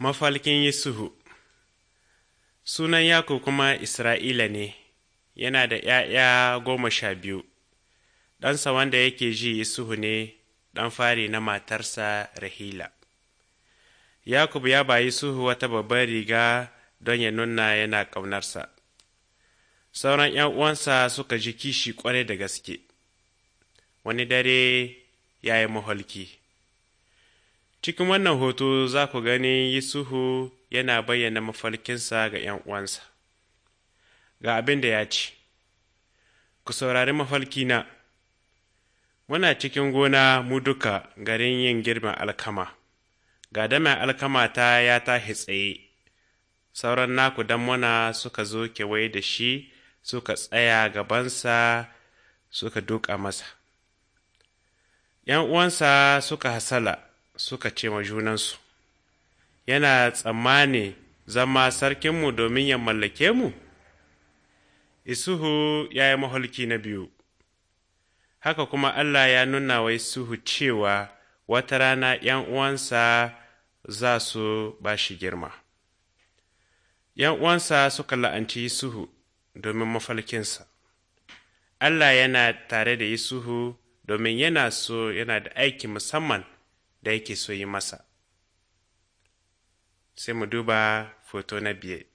Mafalkin Yesuhu Sunan Yakub kuma Isra'ila ne, yana da ’ya'ya goma sha biyu, ɗansa wanda yake ji Yesuhu ne ɗan fari na matarsa Rahila. Yakub ya bayi Suhu wata babbar riga don ya nuna yana ƙaunarsa. Sauran ‘yan uwansa suka ji kishi ƙwarai da gaske, wani dare ya yi maholki. Cikin wannan hoto za ku gani Yusufu yana bayyana mafarkinsa ga ‘yan uwansa. Ga abin da ya ce, Ku saurari mafarkina, muna cikin gona mu duka garin yin girman alkama, ga damen alkama ta ya tahi tsaye, sauran naku don muna suka zo kewaye da shi suka tsaya gabansa suka duka masa. ‘Yan uwansa suka hasala. suka ce ma junansu, Yana tsammani zama sarkinmu domin ya mallake mu? Isuhu ya yi maholki na biyu Haka kuma Allah ya nuna wa Isuhu cewa wata rana ’yan uwansa za su ba shi girma. ’Yan uwansa suka la'anci Isuhu domin mafalkinsa. Allah yana tare da Isuhu domin yana so yana da aiki musamman da yake so yi masa sai mu duba foto na biye